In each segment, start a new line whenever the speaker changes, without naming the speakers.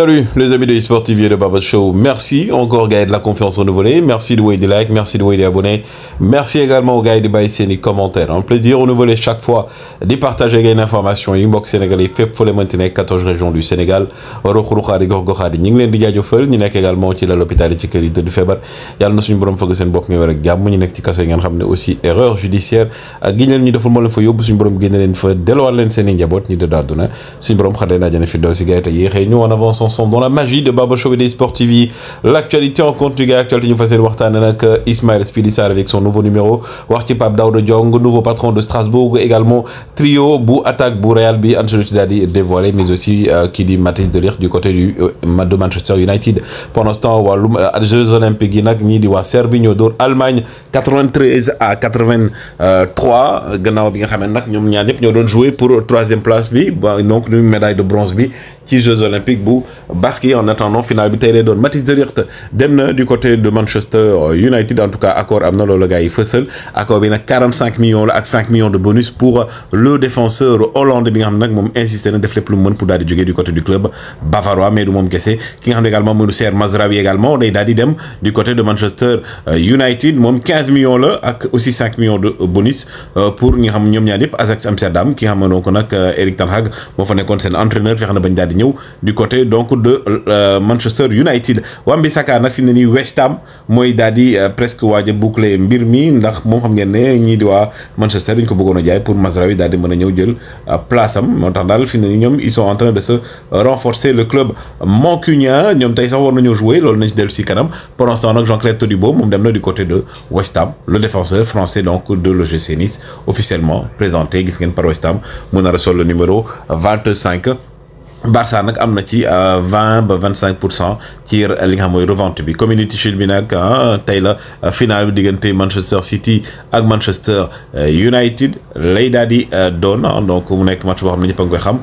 Salut les amis de eSport TV et de Baba Show. Merci encore gars de la confiance renouvelée. Merci de way des likes, merci de vous des abonnés. Merci également aux gars de baisser les commentaires. Un hein. plaisir renouvelé chaque fois de partager une information. Inbox sénégalais, fait pour les maintenir 14 régions du Sénégal. Rokhuruka de Gorgoha de Ninglen de Yadjofel. ni n'est également à l'hôpital de Tchikarité de Febar. Yal nos une bonne fois que c'est une bonne fois que N'y n'est qu'à ce qu'il aussi erreur judiciaire. À Guinel ni de Foumol le Foyo, une bonne fois que Guinel ni de Delawaren Sénégal, ni de Daduna. C'est une bonne fois que Nadjane Fido Sigaïta. Yé, nous en avançons dans la magie de Babo Show et des Sport TV l'actualité en compte actualité ñu fas le waxtaan avec euh, Ismaël Spilissa avec son nouveau numéro wax ci Pape Jong, nouveau patron de Strasbourg également trio Bou attaque Bou Real bi Ancelotti dévoilé mais aussi qui euh, dit Matisse de Lire du côté du euh, de Manchester United pendant ce temps wàllum Jeux olympiques Serbie Allemagne 93 à 83 gannaaw bi nga xam ne joué pour troisième place bi donc une médaille de bronze ci Jeux Olympiques bu basket en attendant final bi tey lay doon de dem du côté de Manchester United en tout cas accord amna na loolu gars accord bi nak 45 millions la ak 5 millions de bonus pour le défenseur hollandais bi nga xam nak mom insister insisté na def lépp plus pour daal di du côté du club bavarois mais du mom kese ki nga xam également mooy Mazraoui également day daal dem du côté de Manchester United mom 15 millions la ak aussi 5 millions de bonus euh, pour ñi nga xam ñoom ñaar yëpp Ajax Amsterdam qui nga xam nak euh, eric ten Hag mo fa nekkoon sen entraîneur fexe na bañ du côté donc de euh, Manchester United Wambi Saka n'a fi West Ham moy daal euh, presque waaj a boucler mbir mi ndax mom xam ngeen ne di wa Manchester ñu ko bëggono jaay pour Mazraoui daal mëna ñëw jël euh, place am moo tax ils sont en train de se renforcer le club mancunien ñom tay sax war jouer nañ ci si kanam pour l'instant Jean-Claude Todibo mom dem na du côté de West Ham le défenseur français donc de l'OGC Nice officiellement présenté gis ngeen par West Ham mu a reçu le numéro 25 Barça nak amna ci 20 euh, ba 25% cinq ci li nga moy revente bi Community Shield bi nak ah, tey la euh, final bi diggante Manchester City ak Manchester euh, United lay dadi Don ah, donc mu nekk match bo xam ñepp ñëpp koy xam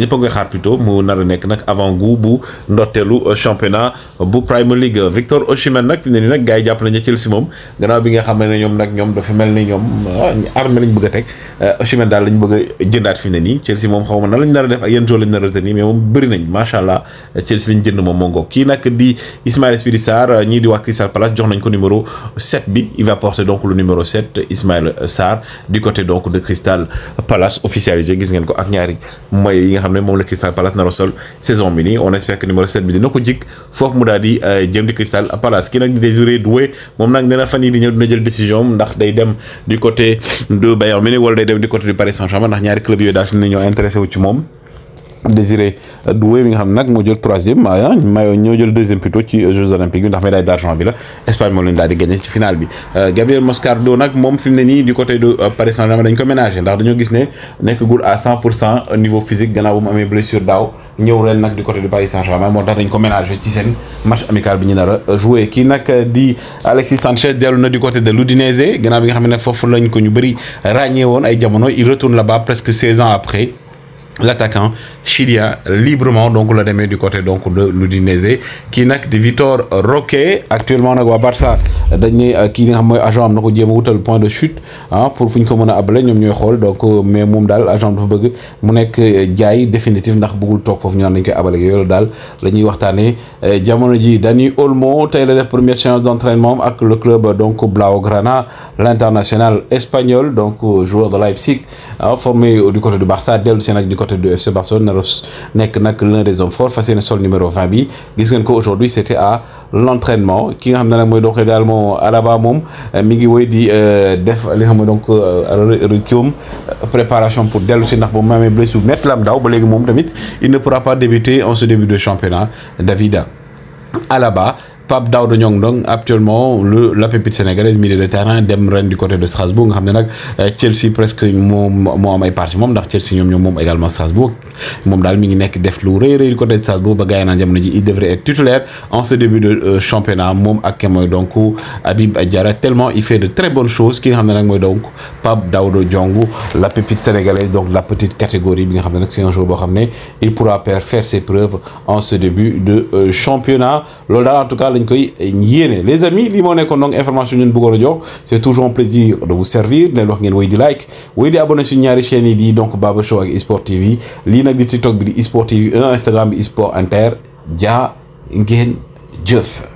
ñepp a koy xaar plutôt mu nar a nak avant goût bu ndorteelu championnat bu Premier League Victor Osimhen nak fi ne gay japp gars ci Chelsea moom gannaaw bi nga xam ne ñom nak ñom dafa melni ñom ñoom ah, armé lañ bëgg tek teg Osimhen daal lañ bëgg jëndat fi ne Chelsea mom xawma ma nan lañ nar def ak yeen joueurs lañ nar ni mais moom bëri nañ macha allah Chelsea lañ jënd moom mo ngoog ki nak di ismaël Spirit Sarr ñii di wa Crystal Palace jox nañ ko numéro 7 bi il va porter donc le numéro 7 ismaël Sarr du côté donc de Crystal Palace officialisé gis ngeen ko ak ñaari may yi nga xamné mom moom la Crystal Palace naro sol saison mini on espère que numéro 7 bi dina ko jik fof mu daal di euh, jëm di Crystal Palace ki nak di Désiré Doué mom nak nee na fan yii di ñëw dina jël décision ndax day dem du côté de Bayern Munich wala day dem du côté du Paris Saint-Germain ndax ñaari club yooyu daal fi ñoo intéressé wu ci mom Désiré Doué bi nga xam nag moo jël 3e ah, ah, mayo ñoo jël 2e plutôt ci euh, Jeux olympiques bi ndax médaille d'argent bi la Espagne mo leen daal di gagné ci finale bi euh, Gabriel Moscardo nak mom fimné ni ne euh, du côté de Paris Saint-Germain dañ ko ménager ndax dañu gis né nek goul à 100 pour niveau physique gannaaw bu amé blessure daw ñëw rel nak du côté de Paris Saint-Germain mo tax dañ ko ménager ci sen match amical bi ñu nar jouer ki nak di Alexis Sanchez delu na du côté de l'Udinese gannaaw bi nga xamné fofu lañ ko ñu bari ragné won ay jamono il retourne là-bas presque 16 ans après l'attaquant Chilia librement donc la demee du côté donc de l'Udinese qui nag de Vitor Roque actuellement a waa Barça dañ qui euh, nga agent am na ko point de chute ah, pour finir comme ko a appelé nous ñooy donc euh, mais mon dal agent dafa bëgg mu que euh, jaay définitif ndax bëggul de foofu pour naan dañ koy abale dal daal la jamono Dani Olmo est la première séance d'entraînement avec le club donc Blaugrana l'international espagnol donc joueur de Leipzig ah, formé du côté du Barça sénat du côté de FC Barcelone n'est que l'un des hommes forts fas sol numéro 20 bi gis ko aujourd'hui c'était à l'entraînement qui nga xam ne nag donc également Alaba mom euh, mi ngi woy di euh, def li xam donc euh, préparation pour delu ci nak bu mu blessure ba tamit il ne pourra pas débuter en ce début de championnat David Alaba Pape Daoudo Niang actuellement le la pépite sénégalaise milieu de terrain dem du côté de Strasbourg nga euh, Chelsea presque mo moo am ay parti moom ndax Chelsea ñom ñom également Strasbourg moom dal mi ngi nek def lu du côté de Strasbourg ba gaay na jamono ji il devrait être titulaire en ce début de euh, championnat moom ak ke mooy donc Habib Diarra tellement il fait de très bonnes choses qui nga xam ne donc Pape Daoudo Niang la pépite sénégalaise donc la petite catégorie bi nga xam nak c'est un joueur bo xamné il pourra faire ses preuves en ce début de euh, championnat lol en tout cas koy les amis li moné nekkoon donc information ñun bëggoon jox c'est toujours un plaisir de vous servir né wax ngeen woy di like woy di abonné sur ñaari chaîne yi di donc Baba Show ak iSport TV li nak di TikTok bi di iSport TV Instagram bi iSport Inter ja ngeen jëf